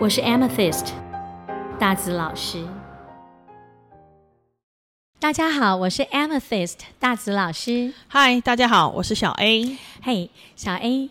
我是 Amethyst 大子老師，大家好，我是 Amethyst 大子老師。嗨，大家好，我是小 A。嘿，hey，小 A。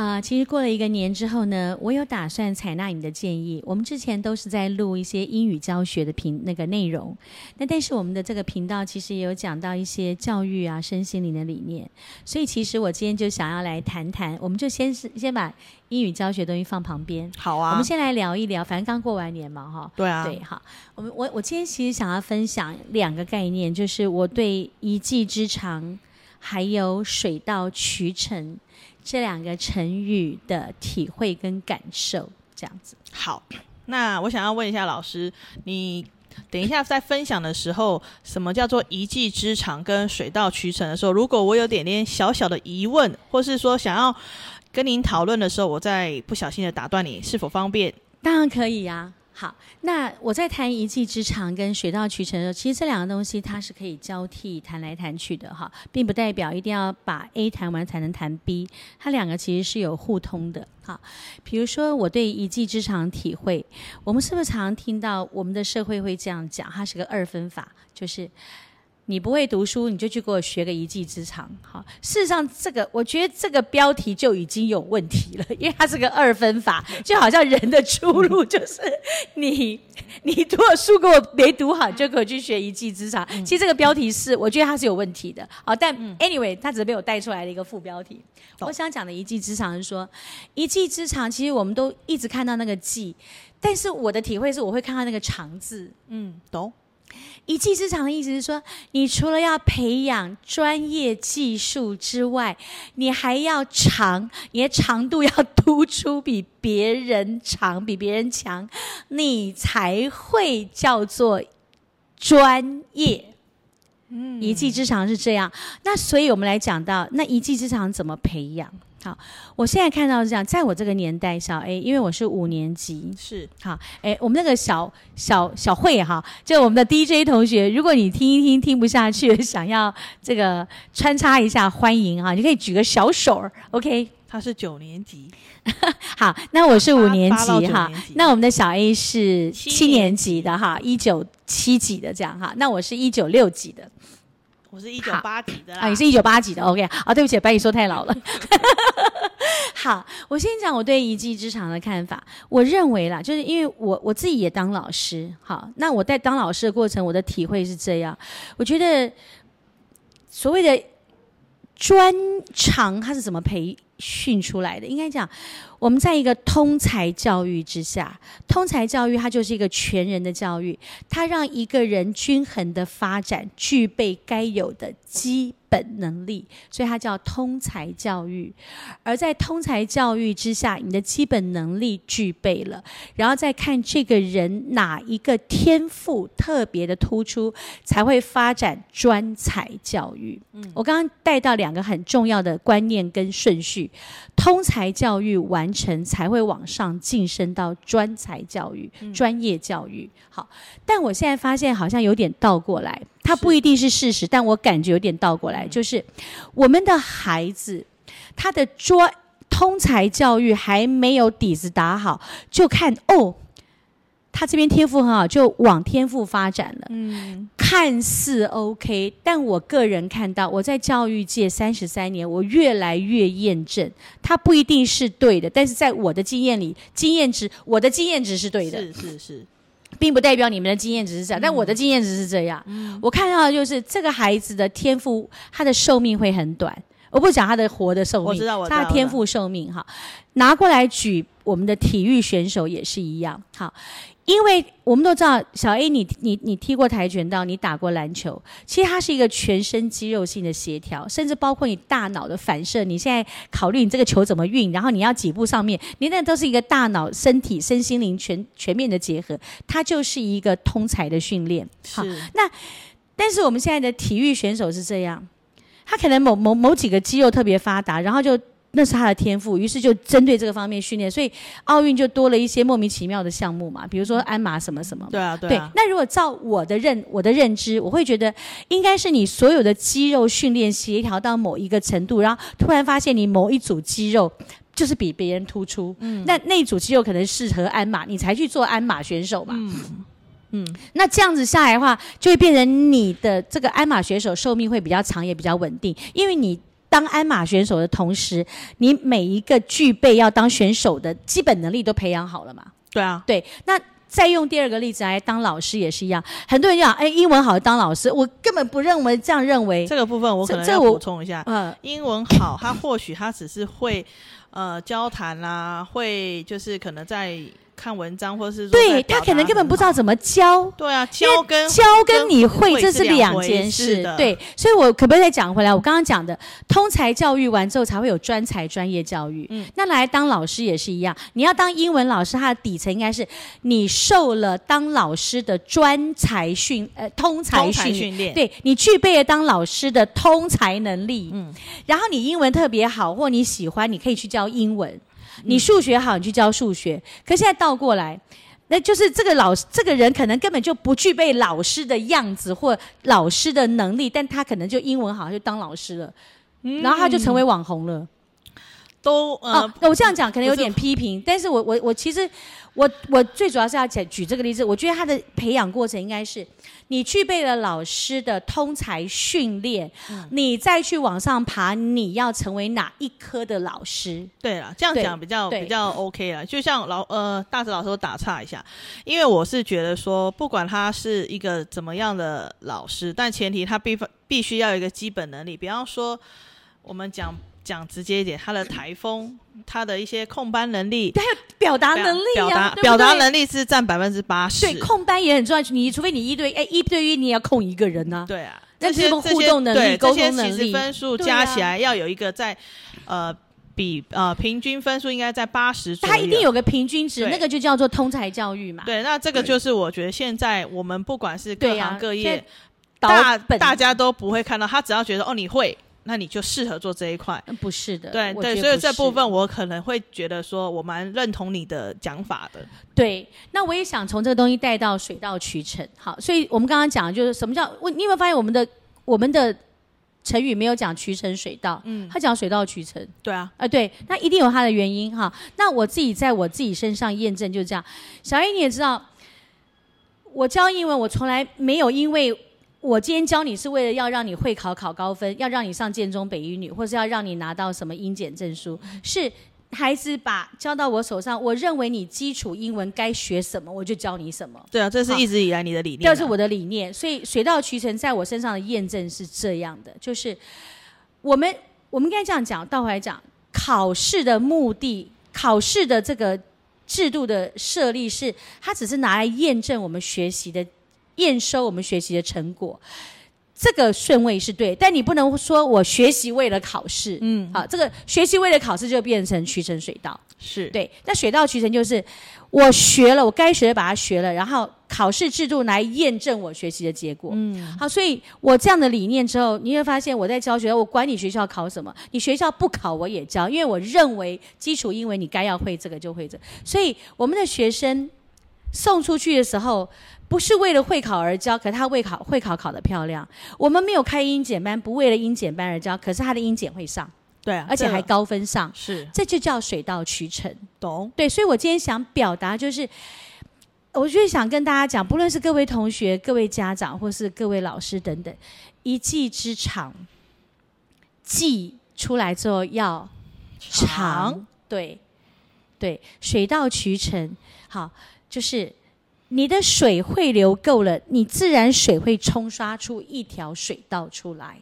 啊、呃，其實過了一個年之後呢，我有打算採納你的建議。我們之前都是在錄一些英語教學的頻那個內容，那但是我們的這個頻道其實也有講到一些教育啊、身心靈的理念。所以其實我今天就想要來談談，我們就先是先把英語教學的東西放旁邊，好啊。我們先來聊一聊，反正剛過完年嘛，哈。對啊。對，哈，我們我我今天其實想要分享兩個概念，就是我對一技之長，還有水到渠成。這兩個成語的體會跟感受，這樣子。好，那我想要問一下老師，你等一下在分享的時候，什麼叫做一技之長跟水到渠成的時候，如果我有點點小小的疑問，或是說想要跟您討論的時候，我再不小心的打斷你，是否方便？當然可以呀、啊。好，那我在談一技之長跟水到渠成的時候，其實這兩個東西它是可以交替談來談去的哈，並不代表一定要把 A 談完才能談 B，它兩個其實是有互通的。哈，比如說我對一技之長體會，我們是不是常聽到我們的社會會這樣講？它是個二分法，就是。你不會讀書，你就去給我學個一技之長。好，事實上，這個我覺得這個標題就已經有問題了，因為它是個二分法，就好像人的出路就是你你讀了書給我沒讀好，就可以去學一技之長。其實這個標題是我覺得它是有問題的。好，但 anyway，它只是被我帶出來的一個副標題。我想講的一技之長是說，一技之長其實我們都一直看到那個技，但是我的體會是我會看到那個長字。嗯，懂？一技之長的意思是說，你除了要培養專業技術之外，你還要長，你的長度要突出，比別人長，比別人強，你才會叫做專業。嗯，一技之長是這樣。那所以我們來講到，那一技之長怎麼培養？好，我現在看到是這樣，在我這個年代，小 A，因為我是五年級，是，好，哎、欸，我們那個小小小慧哈，就我們的 DJ 同學，如果你聽一聽聽不下去，想要這個穿插一下，歡迎哈。你可以舉個小手兒，OK？他是九年級， 好，那我是五年級哈，那我們的小 A 是七年級的哈，一九七幾的這樣哈，那我是一九六幾的。我是一九八幾的啦，啊、你是一九八幾的。 OK，啊，對不起，把你說太老了。 好，我先講我對一技之長的看法。我認為啦，就是因為我我自己也當老師。好，那我在當老師的過程，我的體會是這樣，我覺得所謂的。專長他是怎麼培訓出來的？應該講，我們在一個通才教育之下，通才教育它就是一個全人的教育，它讓一個人均衡的發展，具備該有的基。本能力，所以它叫通才教育，而在通才教育之下，你的基本能力具備了，然後再看這個人哪一個天賦特別的突出，才會發展專才教育。嗯，我剛剛帶到兩個很重要的觀念跟順序，通才教育完成才會往上晉升到專才教育、嗯、專業教育。好，但我現在發現好像有點倒過來。它不一定是事實是，但我感覺有點倒過來，嗯、就是我們的孩子，他的專通才教育還沒有底子打好，就看哦，他這邊天賦很好，就往天賦發展了。嗯，看似 OK，但我個人看到我在教育界三十三年，我越來越驗證，它不一定是對的，但是在我的經驗裡，經驗值，我的經驗值是對的。是是是。是並不代表你們的經驗只是這樣、嗯，但我的經驗只是這樣、嗯。我看到的就是這個孩子的天賦，他的壽命會很短。我不講他的活的壽命，我知道我知道，他的天賦壽命哈。拿過來舉，我們的體育選手也是一樣。好。因為我們都知道，小 A，你你你，你踢過跆拳道，你打過籃球。其實它是一個全身肌肉性的協調，甚至包括你大腦的反射。你現在考慮你這個球怎麼運，然後你要幾步上面，你那都是一個大腦、身體、身心靈全全面的結合。它就是一個通才的訓練。是。好，那但是我們現在的體育選手是這樣，他可能某某某幾個肌肉特別發達，然後就。那是他的天賦，於是就針對這個方面訓練，所以奧運就多了一些莫名其妙的項目嘛，比如說鞍馬什麼什麼嘛。嗯。對啊，對啊。對，那如果照我的認我的認知，我會覺得應該是你所有的肌肉訓練協調到某一個程度，然後突然發現你某一組肌肉就是比別人突出，嗯。那那一組肌肉可能適合鞍馬，你才去做鞍馬選手嘛。嗯。嗯。那這樣子下來的話，就會變成你的這個鞍馬選手壽命會比較長，也比較穩定，因為你。當鞍馬選手的同時，你每一個具備要當選手的基本能力都培養好了嘛？對啊，對。那再用第二個例子來當老師也是一樣，很多人就講，哎、欸，英文好當老師，我根本不認為這樣認為。這個部分我可能再補充一下，嗯、呃，英文好，他或許他只是會，呃，交談啦、啊，會就是可能在。看文章或是對，他可能根本不知道怎麼教。對啊，教跟教跟你會這是兩件事，事的。對，所以我可不可以再講回來？我剛剛講的通才教育完之後，才會有專才專業教育。嗯，那來當老師也是一樣。你要當英文老師，他的底層應該是你受了當老師的專才訓，呃，通才訓訓練。對，你具備了當老師的通才能力。嗯，然後你英文特別好，或你喜歡，你可以去教英文。你數學好，你去教數學。可現在倒過來，那就是這個老師，這個人可能根本就不具備老師的樣子或老師的能力，但他可能就英文好，就當老師了，嗯，然後他就成為網紅了。都呃，哦、那我這樣講可能有點批評，但是我我我其實，我我最主要是要講舉這個例子，我覺得他的培養過程應該是，你具備了老師的通才訓練、嗯，你再去往上爬，你要成為哪一科的老師。對了，這樣講比較比較 OK 了。就像老呃，大石老師我打岔一下，因為我是覺得說，不管他是一個怎麼樣的老師，但前提他必必須要有一個基本能力，比方說我們講。講直接一點，他的台風，他的一些控班能力，他有表達能力、啊、表達表達，對對表達能力是占百分之八十，對，控班也很重要。你除非你一對哎，一對一你也要控一個人吶、啊。對啊，這些是互動能力、溝通能力，這些其實分數加起來要有一個在，啊、呃，比呃平均分數應該在八十，他一定有個平均值，那個就叫做通才教育嘛。對，那這個就是我覺得現在我們不管是各行各業，啊、大大家都不會看到，他只要覺得哦，你會。那你就適合做這一塊，不是的，對對，所以這部分我可能會覺得說，我蠻認同你的講法的。對，那我也想從這個東西帶到水到渠成。好，所以我們剛剛講的就是什麼叫我，你有沒有發現我們的我們的成語沒有講渠成水到，嗯，他講水到渠成，對啊，哎、啊、對，那一定有它的原因哈。那我自己在我自己身上驗證就是這樣，小英你也知道，我教英文我從來沒有因為。我今天教你是為了要讓你會考考高分，要讓你上建中北一女，或是要讓你拿到什麼英檢證書？是孩子把交到我手上，我認為你基礎英文該學什麼，我就教你什麼。對啊，這是一直以來你的理念。這、啊啊、是我的理念，所以水到渠成，在我身上的驗證是這樣的，就是我們我們應該這樣講，倒回來講，考試的目的，考試的這個制度的設立是，是它只是拿來驗證我們學習的。驗收我們學習的成果，這個順位是對，但你不能說我學習為了考試，嗯，好，這個學習為了考試就變成渠成水到，是對。那水到渠成就是我學了，我該學的把它學了，然後考試制度來驗證我學習的結果，嗯，好。所以我這樣的理念之後，你會發現我在教學，我管你學校考什麼，你學校不考我也教，因為我認為基礎英文你該要會這個就會這個。所以我們的學生送出去的時候。不是為了會考而教，可他為考會考考得漂亮。我們沒有開英檢班，不為了英檢班而教，可是他的英檢會上，對、啊，而且還高分上、這個，是，這就叫水到渠成，懂？對，所以我今天想表達就是，我就是想跟大家講，不論是各位同學、各位家長，或是各位老師等等，一技之長，技出來之後要長，長，對，對，水到渠成，好，就是。你的水匯流夠了，你自然水會沖刷出一條水道出來。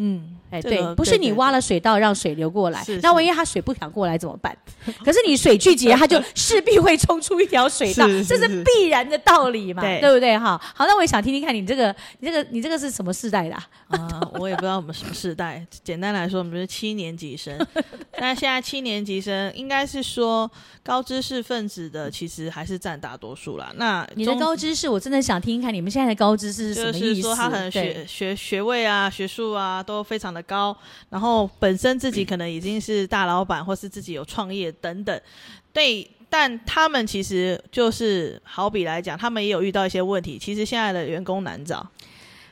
嗯，哎、欸這個，對，不是你挖了水道讓水流過來，對對對，那萬一他水不想過來怎麼辦？是是，可是你水聚集，他就勢必會衝出一條水道 是是是是，這是必然的道理嘛，對，對不對？哈，好，那我也想聽聽看你、這個、你這個，你這個，你這個是什麼世代的啊？啊 我也不知道我們什麼世代，簡單來說，我們是七年級生。 那現在七年級生應該是說高知識分子的，其實還是占大多數啦。那你的高知識，識我真的想聽，聽看你們現在的高知識是什麼意思？就是說他很學學學位啊，學術啊。都非常的高，然後本身自己可能已經是大老闆，或是自己有創業等等。對，但他們其實就是好比來講，他們也有遇到一些問題。其實現在的員工難找，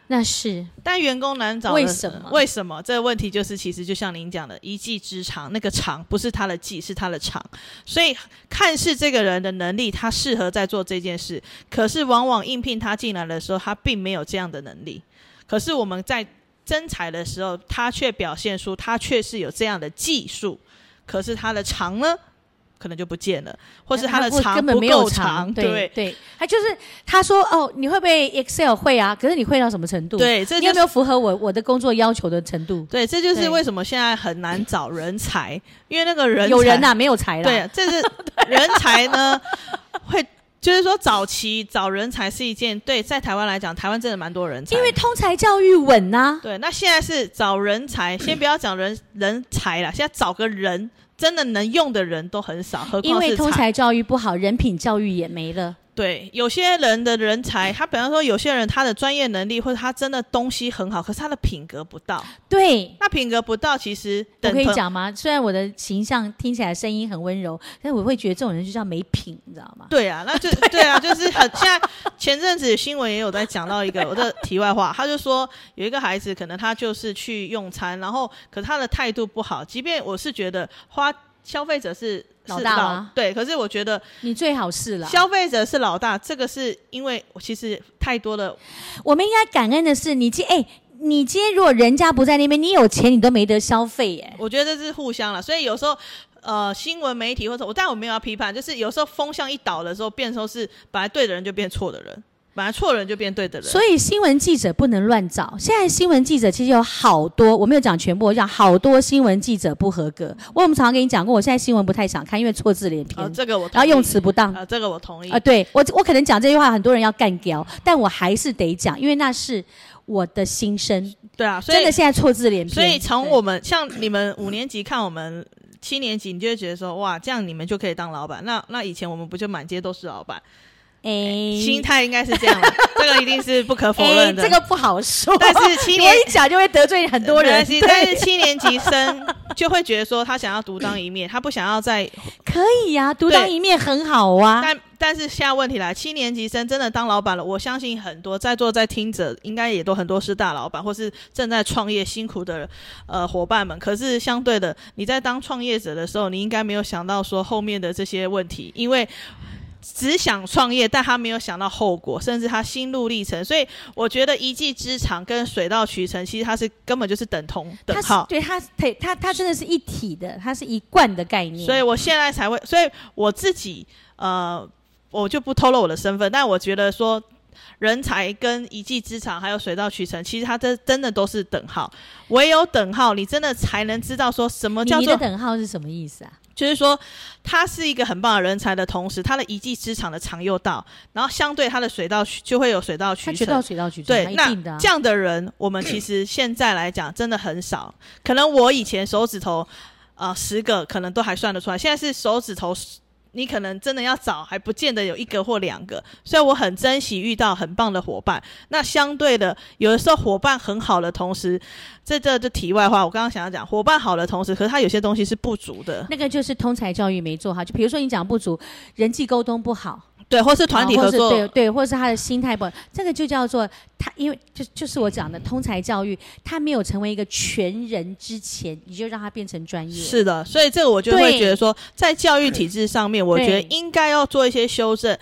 那是。但員工難找，為什麼？為什麼這個問題就是其實就像您講的，一技之長，那個長不是他的技，是他的長。所以看似這個人的能力，他適合在做這件事，可是往往應聘他進來的時候，他並沒有這樣的能力。可是我們在真才的時候，他卻表現出他卻是有這樣的技術，可是他的長呢，可能就不見了，或是他的長，不夠長不根本沒有長。對對，對，他就是他說哦，你會不會 Excel？會啊，可是你會到什麼程度？對，這就是、你有沒有符合我我的工作要求的程度？對，這就是為什麼現在很難找人才， 因為那個人才有人吶、啊，沒有才了、啊。對，這是人才呢 會。就是說，早期找人才是一件對，在台灣來講，台灣真的蠻多人才，因為通才教育穩啊。對，那現在是找人才，先不要講人、嗯、人才了，現在找個人真的能用的人都很少，何況是才。因為通才教育不好，人品教育也沒了。對，有些人的人才，他比方說有些人他的專業能力或者他真的東西很好，可是他的品格不到。對，那品格不到，其實等我可以講嗎？雖然我的形象聽起來聲音很溫柔，但我會覺得這種人就叫沒品，你知道嗎？對啊，那就對啊， 對啊，就是很。現在前陣子的新聞也有在講到一個、 啊、我的題外話，他就說有一個孩子可能他就是去用餐，然後可他的態度不好，即便我是覺得花。消費者是老大、啊是老，對，可是我覺得你最好是了。消費者是老大，這個是因為我其實太多的。我們應該感恩的是你、欸，你今哎，你今天如果人家不在那邊，你有錢你都沒得消費耶、欸。我覺得這是互相了，所以有時候呃，新聞媒體或者我，但我沒有要批判，就是有時候風向一倒的時候，變成是本來對的人就變錯的人。反而錯人就變對的人，所以新聞記者不能亂找。現在新聞記者其實有好多，我沒有講全部，我講好多新聞記者不合格。我我們常常跟你講過，我現在新聞不太想看，因為錯字連篇。呃、這個我，然後用詞不當。呃，這個我同意。啊、呃、對，我我可能講這句話，很多人要幹掉，但我還是得講，因為那是我的心聲。對啊，所以真的現在錯字連篇。所以從我們、嗯、像你們五年級看我們、嗯、七年級，你就會覺得說哇，這樣你們就可以當老闆。那那以前我們不就滿街都是老闆？哎、欸，心態應該是這樣吧， 這個一定是不可否認的。欸、這個不好說，但是七年級講 就會得罪很多人、呃。但是七年級生就會覺得說，他想要獨當一面、嗯，他不想要再可以呀、啊，獨當一面很好啊。但但是下問題來，七年級生真的當老闆了。我相信很多在座在聽者，應該也都很多是大老闆，或是正在創業辛苦的呃夥伴們。可是相對的，你在當創業者的時候，你應該沒有想到說後面的這些問題，因為。只想創業，但他沒有想到後果，甚至他心路歷程。所以我覺得一技之長跟水到渠成，其實他是根本就是等同是等號。對，他他他真的是一體的，它是一貫的概念。所以我現在才會，所以我自己呃，我就不透露我的身份。但我覺得說，人才跟一技之長還有水到渠成，其實它真真的都是等號。唯有等號，你真的才能知道說什麼叫做你等號是什麼意思啊？就是說，他是一個很棒的人才的同時，他的一技之長的長又到，然後相對他的水到就會有水到渠成，他到水到渠成對他、啊、那這樣的人，我們其實現在來講、嗯、真的很少，可能我以前手指頭啊、呃、十個可能都還算得出來，現在是手指頭。你可能真的要找，還不見得有一個或兩個，所以我很珍惜遇到很棒的夥伴。那相對的，有的時候夥伴很好的同時，這這個，就題外話，我剛剛想要講，夥伴好的同時，可是他有些東西是不足的。那個就是通才教育沒做好，就比如說你講不足，人際溝通不好。對，或是團體合作，啊、對對，或是他的心態不，這個就叫做他，因為就就是我講的通才教育，他沒有成為一個全人之前，你就讓他變成專業。是的，所以這個我就會覺得說，在教育體制上面、嗯，我覺得應該要做一些修正。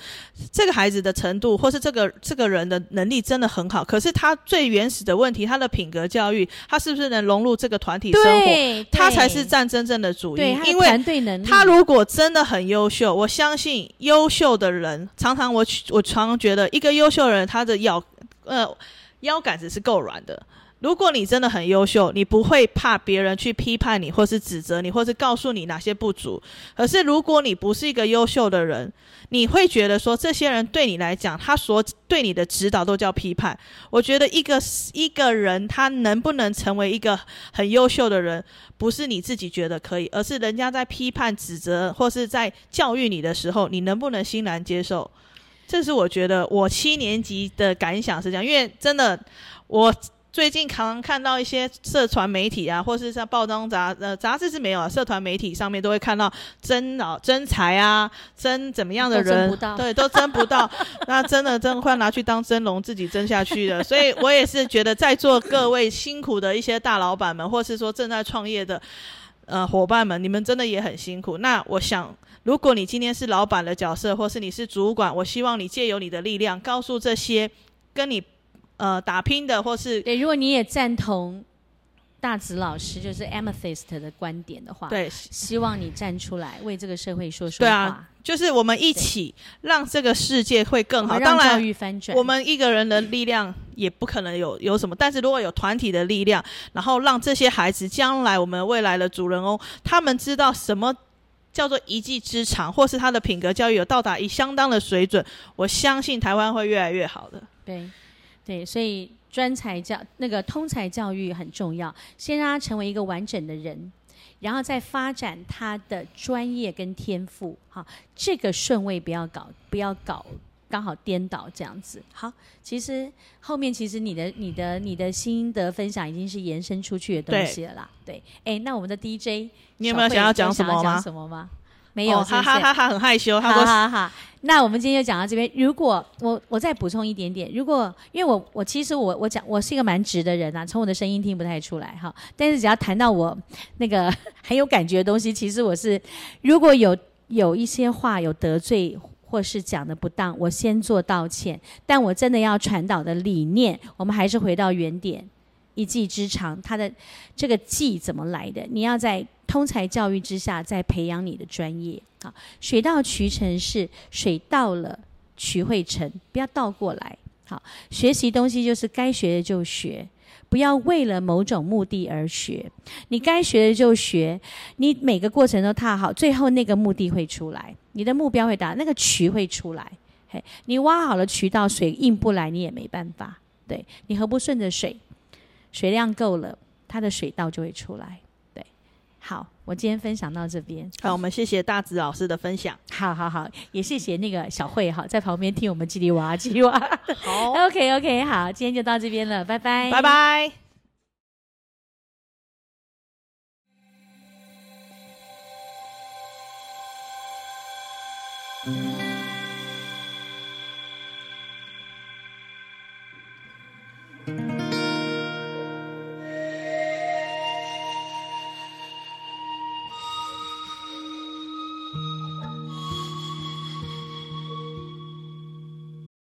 這個孩子的程度，或是這個這個人的能力真的很好，可是他最原始的問題，他的品格教育，他是不是能融入這個團體生活？對，他才是占真正的主因，對，因為他的團隊能力。他如果真的很優秀，我相信優秀的人。常常，我我常常覺得一個優秀人他的腰、呃、腰桿子是夠軟的。如果你真的很優秀，你不會怕別人去批判你，或是指責你，或是告訴你哪些不足。可是如果你不是一個優秀的人，你會覺得說，這些人對你來講，他所對你的指導都叫批判。我覺得一個一個人他能不能成為一個很優秀的人，不是你自己覺得可以，而是人家在批判、指責或是在教育你的時候，你能不能欣然接受？這是我覺得我七年級的感想是這樣，因為真的我。最近常常看到一些社團媒體啊，或是像報章雜呃雜誌是沒有啊。社團媒體上面都會看到真老、啊、真才啊，真怎麼樣的人，都爭不到。對，都爭不到， 那真的真的快拿去當真龍自己爭下去了。 所以我也是覺得在座各位辛苦的一些大老板們，或是說正在創業的呃夥伴們，你們真的也很辛苦。那我想，如果你今天是老板的角色，或是你是主管，我希望你借由你的力量，告訴這些跟你。呃，打拼的或是對，如果你也贊同大紫老師就是 Amethyst 的觀點的話，對，希望你站出來為這個社會說說話。對啊，就是我們一起讓這個世界會更好。哦，當然，教育翻轉，我們一個人的力量也不可能有有什麼，但是如果有團體的力量，然後讓這些孩子將來我們未來的主人翁，他們知道什麼叫做一技之長，或是他的品格教育有到達一相當的水準，我相信台灣會越來越好的。對。對，所以專才教那個通才教育很重要，先讓他成為一個完整的人，然後再發展他的專業跟天賦。哈，這個順位不要搞，不要搞剛好顛倒這樣子。好，其實後面其實你的、你的、你的、你的心得分享已經是延伸出去的東西了啦。對，哎，那我們的 DJ，你有沒有想要講什麼嗎？沒有、哦，是是，哈哈哈哈，很害羞，哈哈哈。那我們今天就講到這邊。如果我我再補充一點點，如果因為我我其實我我講，我是一個蠻直的人吶、啊，從我的聲音聽不太出來哈。但是只要談到我那個很有感覺的東西，其實我是如果有有一些話有得罪或是講得不當，我先做道歉。但我真的要傳導的理念，我們還是回到原點，一技之長，它的這個技怎麼來的？你要在。通才教育之下，再培養你的專業，好，水到渠成是水到了渠會成，不要倒過來。好，學習東西就是該學的就學，不要為了某種目的而學。你該學的就學，你每個過程都踏好，最後那個目的會出來，你的目標會達，那個渠會出來。嘿、hey，你挖好了渠道，水硬不來，你也沒辦法。對，你何不順着水，水量夠了，它的水道就會出來。好，我今天分享到這邊。好，嗯啊，我們謝謝大子老師的分享。好，好，好，也謝謝那個小慧哈，在旁邊聽我們嘰裡哇嘰裡哇。 好，OK，OK，Okay, okay, 好，今天就到這邊了，拜拜，拜拜。